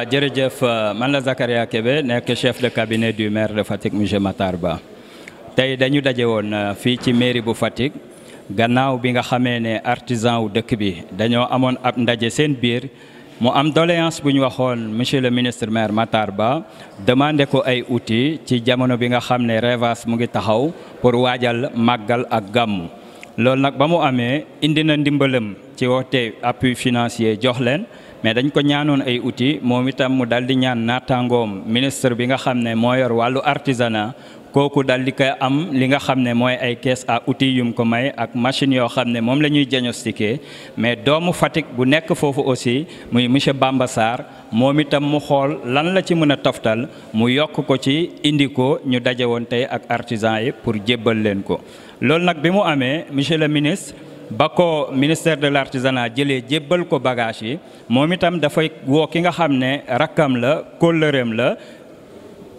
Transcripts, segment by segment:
waaw jërëjëf euh, man la Zakaria Kebe nekk chef de cabinet du maire de Fatick monsieur Matar Ba tey dañu daje woon euh, fii ci mairie bu Fatick gannaaw bi nga xamee ne artisan wu dëkk bi dañoo amoon ab ndaje seen biir mu am doléance bu ñu waxoon monsieur le ministre maire Matar Ba demandé ko ay outils ci jamono bi nga xam ne Revas mu ngi taxaw pour waajal màggal ak gàmmu loolu nag ba mu amee indi na ndimbalam ci woote appui financier jox leen. mais dañ ko ñaanoon ay uti moom itam mu daal di ñaan naataangoom ministre bi nga xam ne moo yor wàllu artisanat kooku daal di koy am li nga xam ne mooy ay kees à outils yum ko may ak machine yoo xam ne moom la ñuy diagnostiquer mais doomu Fatick bu nekk foofu aussi muy monsieur Bamba Sarr moom itam mu xool lan la ci mën a toftal mu yokk ko ci indi ko ñu daje woon tey ak artisan yi pour jébbal leen ko loolu nag bi mu amee monsieur le ministre ba ko ministère de l'artisanat jëlee jébbal ko bagage yi moom itam dafay woo ki nga xam ne rakkam la kóllëreem la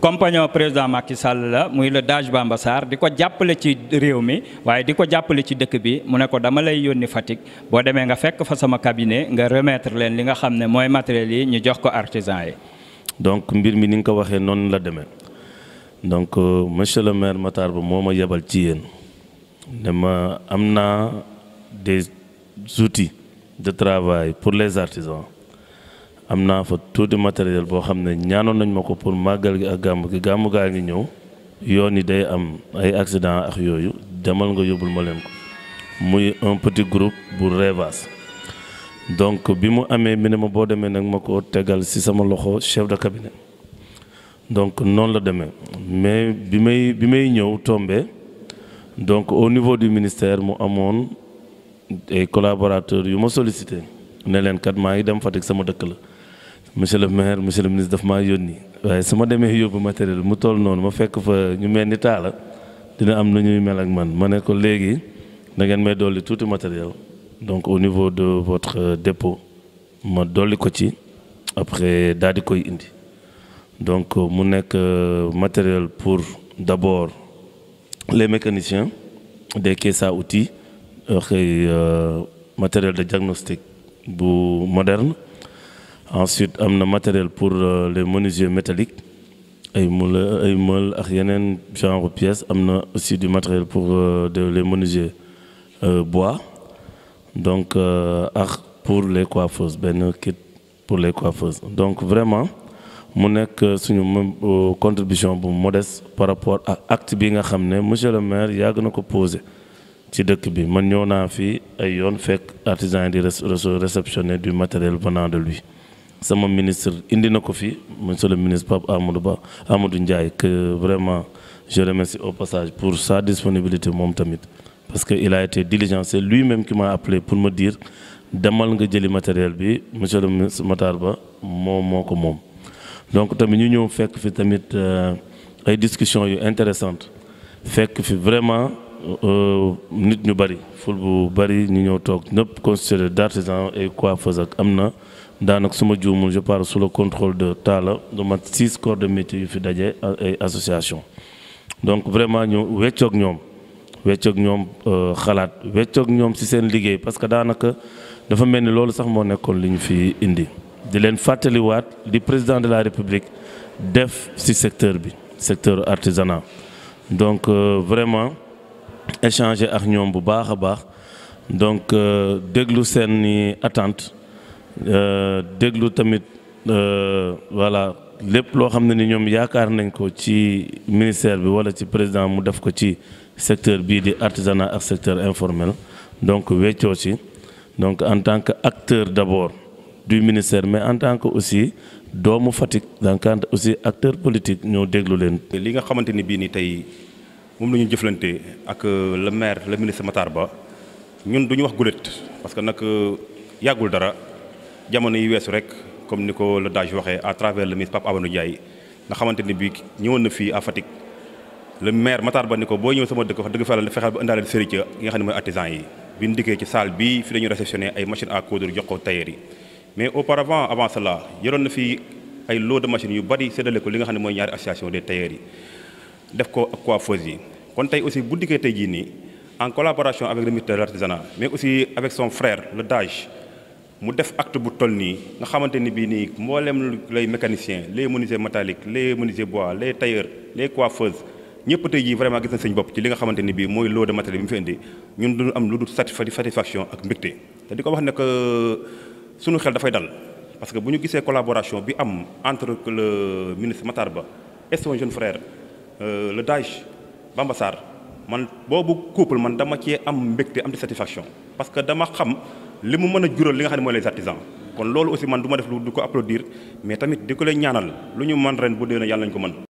compagnon président Macky Sall la muy le Daj Bamba Sarr di ko jàppale ci réew mi waaye di ko jàppale ci dëkk bi mu ne ko dama lay yónni Fatick boo demee nga fekk fa sama cabinet nga remettre leen li nga xam ne mooy matériel yi ñu jox ko artisan yi. donc mbir mi ni nga ko waxee noonu la demee donc euh, monsieur le maire Matar Ba moo ma yebal ci yéen des outils de travail pour les artisans am naa fa de matériel boo xam ne ñaanoon nañ ma ko pour màggal gi ak gàmm gi gàmmu gaa ngi ñëw yoon yi day am ay accident ak yooyu demal nga yóbbul ma leen ko muy un petit groupe bu Revas donc bi mu amee mi ne ma boo demee nag ma ko tegal ci sama loxo chef de cabinet donc noonu la demee mais bi may bi may ñëw tombe donc au niveau du ministère mu amoon ay collaborateurs yu ma sollicité ne leen kat maa ngi dem Fatick sama dëkk la monsieur le maire monsieur le ministre daf maa yónni waaye su ma demee yóbbu matériel mu toll noonu ma fekk fa ñu mel ni taala dina am na ñuy mel ak man ma ne ko léegi da ngeen may dolli tuuti matériel donc au niveau de votre dépôt ma dolli ko ci après daal di koy indi donc mu nekk euh, matériel pour d'abord les mécaniciens des caisses à xëy euh, matériel de diagnostic bu moderne ensuite am na matériel pour euh, les menuisiers métalliques ay moule ay meul ak yeneen genre pièces am na aussi du matériel pour euh, les menuisiers bois donc ak pour les coiffeuses benn kit pour les coiffeuses donc vraiment mu nekk suñu contribution bu modeste par rapport ak acte nga xam ne monsieur le maire yàgg na ko posé ci dëkk bi man ñëw naa fi ay yoon fekk artisan yi di réceptionner du matériel venant de lui sama ministre indi na ko fi monsieur le ministre Pape Amadou Ba Amadou Ndiaye que vraiment je remercie au passage pour sa disponibilité moom tamit parce que il a été diligent c'est lui-même qui m'a appelé pour me diir demal nga jëli matériel bi mu le ministre Matar Ba moom moo ko moom donc tamit ñu ñëw fekk fi tamit euh, ay discussions yu intéressantes fekk fi vraiment Euh, nit ñu bari ful bu bari ñu ñëw toog ñëpp constitué d'artisans et coiffeuses ak am na daanaka suma juumul je parle sous le contrôle de Talla lu mat six corps de métier yu fi dajee association donc vraiment ñu weccoog ñoom weccoog ñoom euh, xalaat weccoog ñoom si seen liggéey parce que daanaka dafa mel ni loolu sax moo nekkoon lu ñu fi indi di leen fàttaliwaat di président de la république def si secteur bi secteur artisanat donc euh, vraiment échanger ak ñoom bu baax a baax donc euh, déglu seeni attente euh, déglu tamit euh, voilà lépp loo xam ne ni ñoom yaakaar nañ ko ci ministère bi walla ci président mu def ko ci secteur bii di artisanat ak secteur informel donc weccoo ci donc en tant que acteur d'abord du ministère mais en tant que aussi doomu Fatick donc aussi acteur politique ñoo déglu leen. li nga xamante ni bii nii tey. moom la ñu jëflante ak euh, le maire le ministre Matar Ba ñun du ñu wax gulet parce que nag euh, yàggul dara jamono yi weesu rek comme ni ko le DAGE waxee à travers le ministre Pape Abdou Ndiaye xamante ni bii ñëwoon na fii Fatick le ko boo ñëw sama dëkk wax dëgg fa la fexeel ba indaale serite yi nga xam ne mooy artisan yi. bi ñu ci salle bii fi la ñu réceptionné ay machines à coudre jox ko tailleur yi mais auparavant avant cela yoroon na fi ay lot de machines yu bari séddale ko li nga xam ne mooy ñaari association des tailleurs def ko ak coiffeuse yi kon tey aussi bu dikkee tey jii nii en collaboration avec le ministère de mais aussi avec son frère le DAGE mu def acte bu toll nii nga xamante ni bii nii mboolem lay mécanicien les menuisiers métalliques les menuisiers bois les tailleurs les coiffeuses ñëpp tey jii vraiment gis na seen bopp ci li nga xamante ni bii mooy lot de matériel bi mu fi indi ñun duñu am lu dul satisfaction ak mbégte te di ko wax ne que suñu xel dafay dal parce que bu ñu gisee collaboration bi am entre le ministre Ba et son jeune Euh, le Daesh Bamba Sarr man boobu couple man dama cee am mbégte am di satisfaction parce dama xam li mu mën a jural li nga xam ne mooy les artisans kon loolu aussi man du ma def lu du ko applaudir mais tamit di ko leen ñaanal lu ñu man ren bu dee na yàlla nañu ko mën